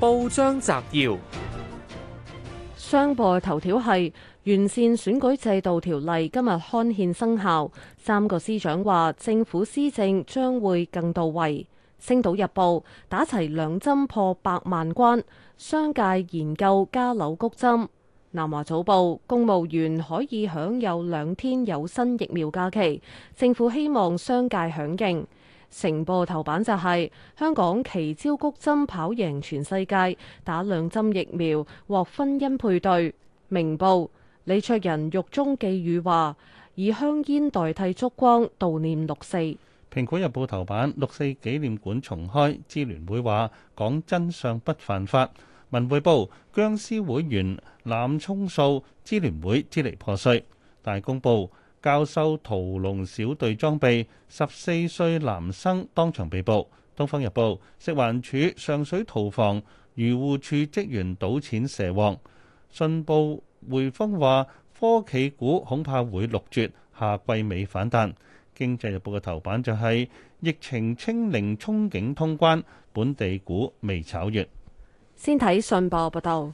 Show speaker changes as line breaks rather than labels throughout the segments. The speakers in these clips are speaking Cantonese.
報章摘要：商報頭條係完善選舉制度條例今日刊憲生效。三個司長話，政府施政將會更到位。星島日報打齊兩針破百萬關，商界研究加扭谷針。南華早報公務員可以享有兩天有薪疫苗假期，政府希望商界響應。成報頭版就係、是、香港奇招谷針跑贏全世界，打兩針疫苗獲婚姻配對。明報李卓人獄中寄語話：以香煙代替燭光悼念六四。蘋
果日報頭版六四紀念館重開，支聯會話講真相不犯法。文匯報殭屍會員濫充數，支聯會支離破碎。大公報教授屠龍小隊裝備，十四歲男生當場被捕。東方日報食環署上水屠房，漁護署職員賭錢蛇王。信報匯豐話科技股恐怕會六絕，下季尾反彈。經濟日報嘅頭版就係、是、疫情清零憧，憧憬通關，本地股未炒完。
先睇信報報道。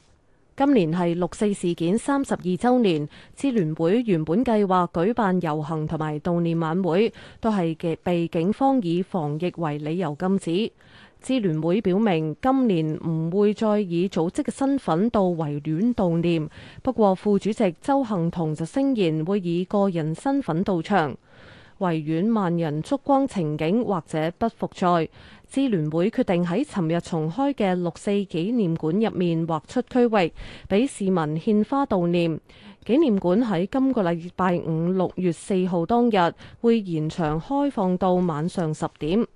今年係六四事件三十二周年，支聯會原本計劃舉辦遊行同埋悼念晚會，都係被警方以防疫為理由禁止。支聯會表明今年唔會再以組織嘅身份到維園悼念，不過副主席周幸彤就聲言會以個人身份到場。維園萬人燭光情景或者不復在，支聯會決定喺尋日重開嘅六四紀念館入面劃出區域，俾市民獻花悼念。紀念館喺今個禮拜五六月四號當日會延長開放到晚上十點。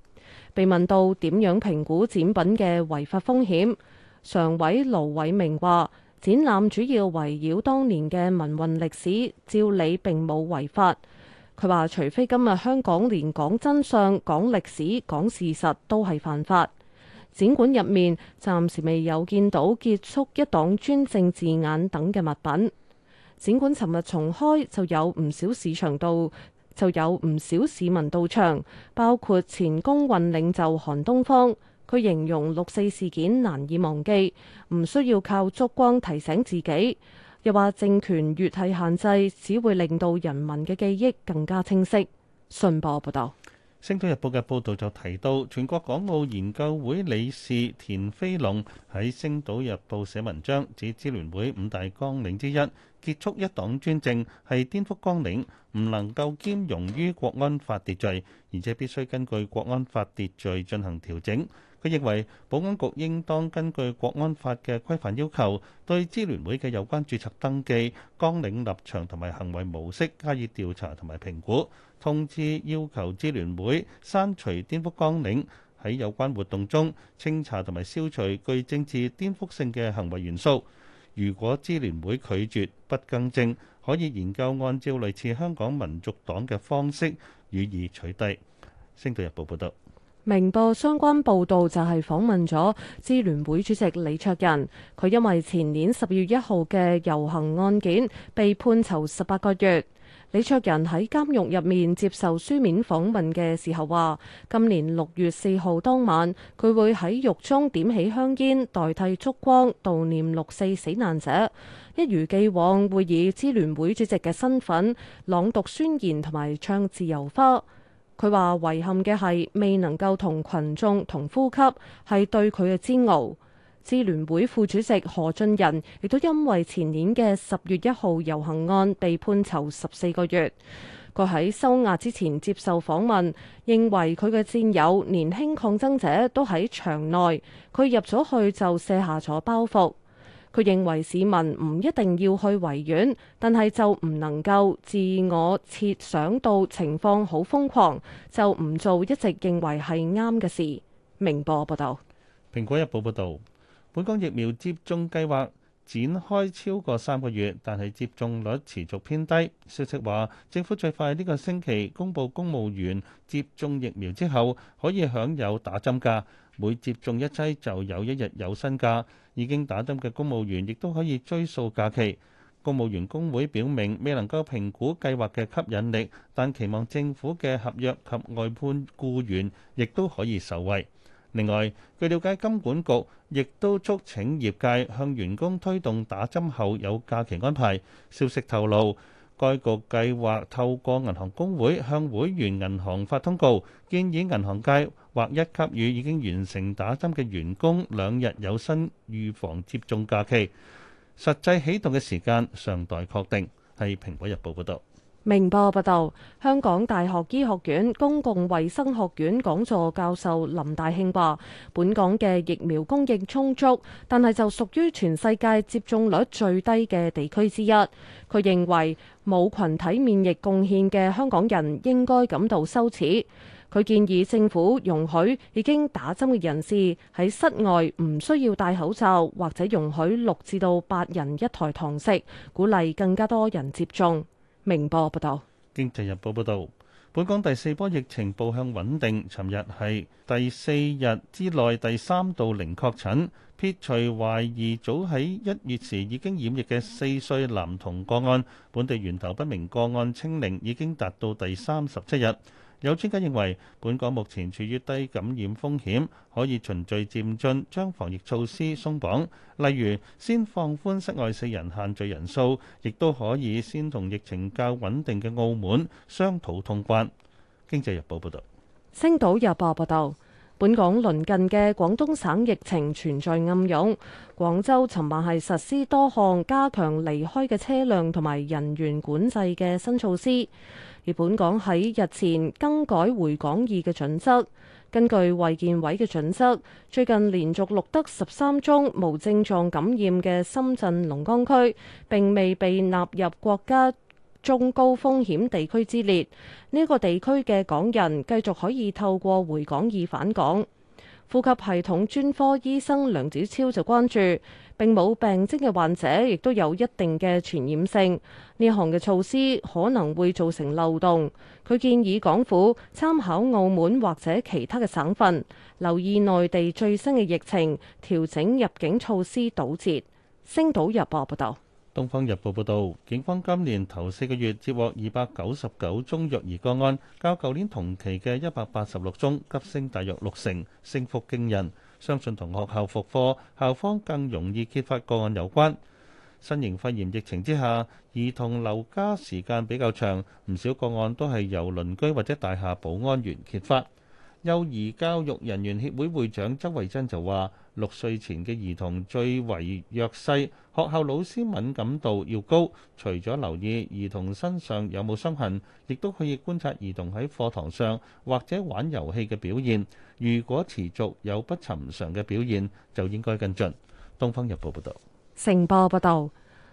被問到點樣評估展品嘅違法風險，常委盧偉明話：展覽主要圍繞當年嘅民運歷史，照理並冇違法。佢話：除非今日香港連講真相、講歷史、講事實都係犯法。展館入面暫時未有見到結束一黨專政字眼等嘅物品。展館尋日重開就有唔少市場度，就有唔少市民到場，包括前工運領袖韓東方。佢形容六四事件難以忘記，唔需要靠燭光提醒自己。又話政權越係限制，只會令到人民嘅記憶更加清晰。信報報道。星島日
報嘅報導就提到，全國港澳研究會理事田飛龍喺星島日報寫文章，指支聯會五大綱領之一結束一黨專政係顛覆綱領，唔能夠兼容於國安法秩序，而且必須根據國安法秩序進行調整。佢認為保安局應當根據國安法嘅規範要求，對支聯會嘅有關註冊登記、綱領立場同埋行為模式加以調查同埋評估。通知要求支聯會刪除顛覆綱領，喺有關活動中清查同埋消除具政治顛覆性嘅行為元素。如果支聯會拒絕不更正，可以研究按照類似香港民族黨嘅方式予以取締。星島日報報道，
明報相關報導就係訪問咗支聯會主席李卓人，佢因為前年十月一號嘅遊行案件被判囚十八個月。李卓人喺監獄入面接受書面訪問嘅時候話，今年六月四號當晚，佢會喺獄中點起香煙代替燭光悼念六四死難者，一如既往會以支聯會主席嘅身份朗讀宣言同埋唱自由花。佢話遺憾嘅係未能夠同群眾同呼吸，係對佢嘅煎熬。支聯會副主席何俊仁亦都因為前年嘅十月一號遊行案被判囚十四個月。佢喺收押之前接受訪問，認為佢嘅戰友年輕抗爭者都喺場內。佢入咗去就卸下咗包袱。佢認為市民唔一定要去維園，但係就唔能夠自我設想到情況好瘋狂，就唔做一直認為係啱嘅事。明報報道，
《蘋果日報》報道。本港疫苗接種計劃展開超過三個月，但係接種率持續偏低。消息話，政府最快呢個星期公佈公務員接種疫苗之後，可以享有打針假，每接種一劑就有一日有薪假。已經打針嘅公務員亦都可以追溯假期。公務員工會表明未能夠評估計劃嘅吸引力，但期望政府嘅合約及外判僱員亦都可以受惠。另外，據了解，金管局亦都促請業界向員工推動打針後有假期安排。消息透露，該局計劃透過銀行公會向會員銀行發通告，建議銀行界劃一給予已經完成打針嘅員工兩日有薪預防接種假期。實際啟動嘅時間尚待確定。係《蘋果日報》報導。
明報報道，香港大學醫學院公共衛生學院講座教授林大慶話，本港嘅疫苗供應充足，但係就屬於全世界接種率最低嘅地區之一。佢認為冇群體免疫貢獻嘅香港人應該感到羞恥。佢建議政府容許已經打針嘅人士喺室外唔需要戴口罩，或者容許六至到八人一台堂食，鼓勵更加多人接種。明報報道，
經濟日報報道，本港第四波疫情步向穩定。尋日係第四日之內第三度零確診，撇除懷疑早喺一月時已經染疫嘅四歲男童個案，本地源頭不明個案清零已經達到第三十七日。有專家認為，本港目前處於低感染風險，可以循序漸進將防疫措施鬆綁，例如先放寬室外四人限聚人數，亦都可以先同疫情較穩定嘅澳門商討通關。經濟日報報道。
星島日報報道，本港鄰近嘅廣東省疫情存在暗湧，廣州尋晚係實施多項加強離開嘅車輛同埋人員管制嘅新措施。而本港喺日前更改回港易嘅準則，根據衛健委嘅準則，最近連續錄得十三宗無症狀感染嘅深圳龍崗區並未被納入國家中高風險地區之列。呢、這個地區嘅港人繼續可以透過回港易返港。呼吸系統專科醫生梁子超就關注，並冇病徵嘅患者亦都有一定嘅傳染性，呢項嘅措施可能會造成漏洞。佢建議港府參考澳門或者其他嘅省份，留意內地最新嘅疫情，調整入境措施堵截。星島日報報道。
《東方日報》報導，警方今年頭四個月接獲二百九十九宗虐兒個案，較舊年同期嘅一百八十六宗急升大約六成，升幅驚人。相信同學校復課、校方更容易揭發個案有關。新型肺炎疫情之下，兒童留家時間比較長，唔少個案都係由鄰居或者大廈保安員揭發。幼兒教育人員協會會長周慧珍就話：六歲前嘅兒童最為弱勢，學校老師敏感度要高。除咗留意兒童身上有冇傷痕，亦都可以觀察兒童喺課堂上或者玩遊戲嘅表現。如果持續有不尋常嘅表現，就應該跟進。《東方日報》報道，
成報報道。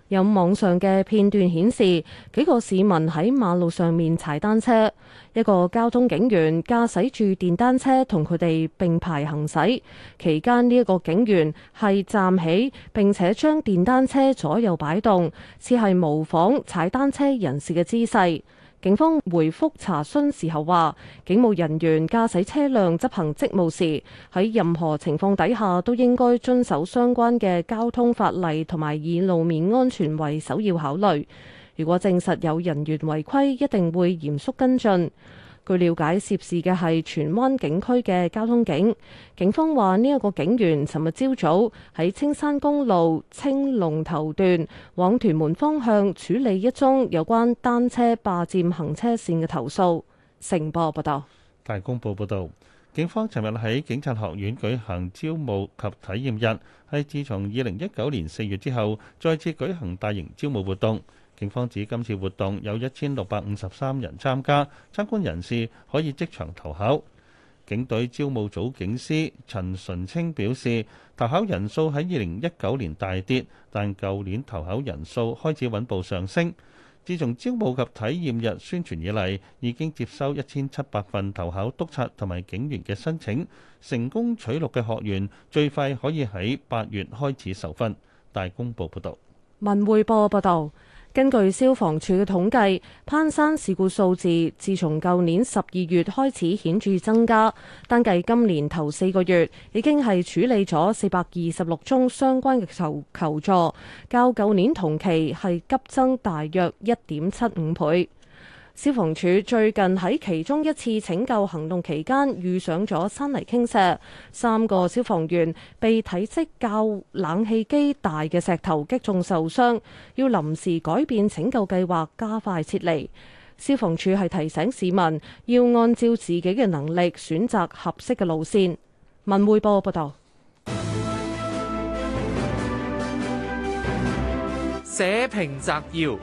有網上嘅片段顯示，幾個市民喺馬路上面踩單車，一個交通警員駕駛住電單車同佢哋並排行駛，期間呢一個警員係站起，並且將電單車左右擺動，似係模仿踩單車人士嘅姿勢。警方回覆查詢時候話，警務人員駕駛車輛執行職務時，喺任何情況底下都應該遵守相關嘅交通法例，同埋以路面安全為首要考慮。如果證實有人員違規，一定會嚴肅跟進。據了解，涉事嘅係荃灣警區嘅交通警。警方話呢一個警員尋日朝早喺青山公路青龍頭段往屯門方向處理一宗有關單車霸佔行車線嘅投訴。成報報道，
大公報報道，警方尋日喺警察學院舉行招募及體驗日，係自從二零一九年四月之後再次舉行大型招募活動。警方指今次活動有一千六百五十三人參加，參觀人士可以即場投考。警隊招募組警司陳純清表示，投考人數喺二零一九年大跌，但舊年投考人數開始穩步上升。自從招募及體驗日宣傳以嚟，已經接收一千七百份投考督察同埋警員嘅申請，成功取錄嘅學員最快可以喺八月開始受訓。大公報報道。
文匯報報道。根據消防處嘅統計，攀山事故數字自從舊年十二月開始顯著增加，單計今年頭四個月已經係處理咗四百二十六宗相關嘅求求助，較舊年同期係急增大約一點七五倍。消防處最近喺其中一次拯救行動期間遇上咗山泥傾瀉，三個消防員被體積較冷氣機大嘅石頭擊中受傷，要臨時改變拯救計劃，加快撤離。消防處係提醒市民要按照自己嘅能力選擇合適嘅路線。文匯報報道。
社評摘要。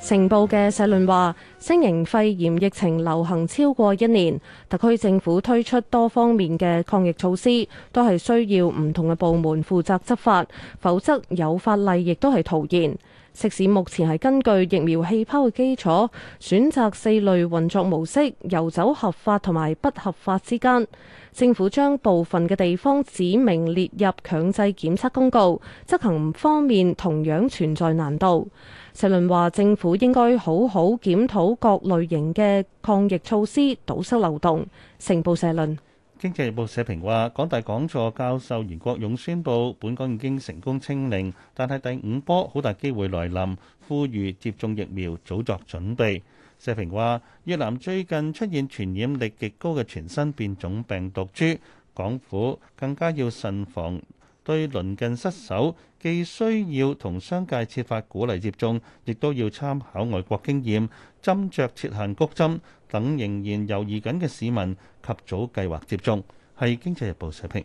成報嘅社論話：新型肺炎疫情流行超過一年，特區政府推出多方面嘅抗疫措施，都係需要唔同嘅部門負責執法，否則有法例亦都係徒然。食肆目前係根據疫苗氣泡嘅基礎，選擇四類運作模式，遊走合法同埋不合法之間，政府將部分嘅地方指明列入強制檢測公告，執行方面同樣存在難度。社論話：政府應該好好檢討各類型嘅抗疫措施，堵塞漏洞。成報社論。
經濟日報社評話，港大講座教授袁國勇宣布，本港已經成功清零，但係第五波好大機會來臨，呼籲接種疫苗，早作準備。社評話，越南最近出現傳染力極高嘅全新變種病毒株，港府更加要慎防。對鄰近失守，既需要同商界設法鼓勵接種，亦都要參考外國經驗，針著設限，谷針等仍然猶豫緊嘅市民及早計劃接種。係《經濟日報》社評。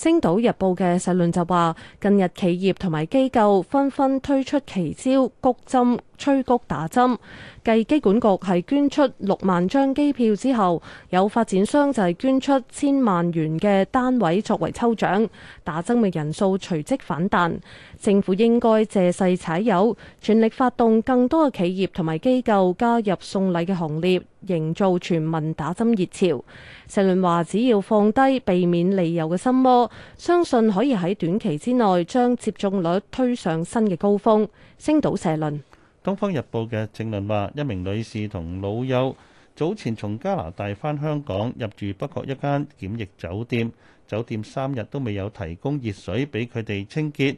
《星島日報》嘅社論就話，近日企業同埋機構紛紛推出奇招，谷針催谷打針。繼機管局係捐出六萬張機票之後，有發展商就係捐出千萬元嘅單位作為抽獎，打針嘅人數隨即反彈。政府應該借勢踩油，全力發動更多嘅企業同埋機構加入送禮嘅行列，營造全民打針熱潮。社論話，只要放低避免利誘嘅心魔，相信可以喺短期之內將接種率推上新嘅高峰。星島社論，
《東方日報》嘅正論話，一名女士同老友早前從加拿大返香港，入住北角一間檢疫酒店，酒店三日都未有提供熱水俾佢哋清潔。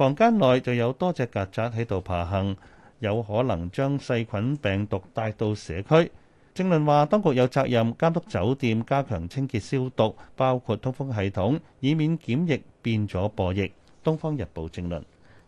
房間內就有多隻曱甴喺度爬行，有可能將細菌病毒帶到社區。正論話，當局有責任監督酒店加強清潔消毒，包括通風系統，以免檢疫變咗播疫。《東方日報》正論。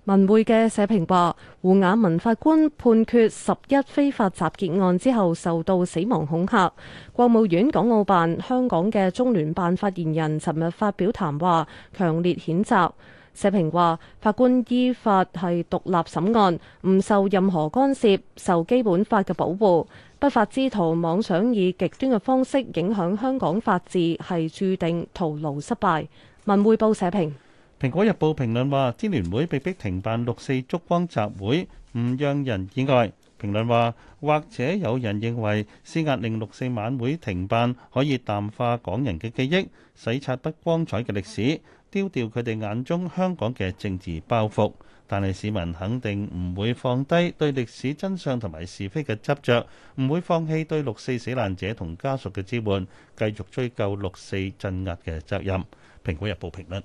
文匯嘅社評話，胡雅文法官判決十一非法集結案之後受到死亡恐嚇。國務院港澳辦、香港嘅中聯辦發言人尋日發表談話，強烈譴責。社評話，法官依法係獨立審案，唔受任何干涉，受基本法嘅保護。不法之徒妄想以極端嘅方式影響香港法治，係注定徒勞失敗。文匯報社評，
《蘋果日報》評論話，支聯會被逼停辦六四燭光集會，唔讓人意外。評論話，或者有人認為施壓令六四晚會停辦，可以淡化港人嘅記憶，洗刷不光彩嘅歷史，丟掉佢哋眼中香港嘅政治包袱，但係市民肯定唔會放低對歷史真相同埋是非嘅執着，唔會放棄對六四死難者同家屬嘅支援，繼續追究六四鎮壓嘅責任。《蘋果日報》評論。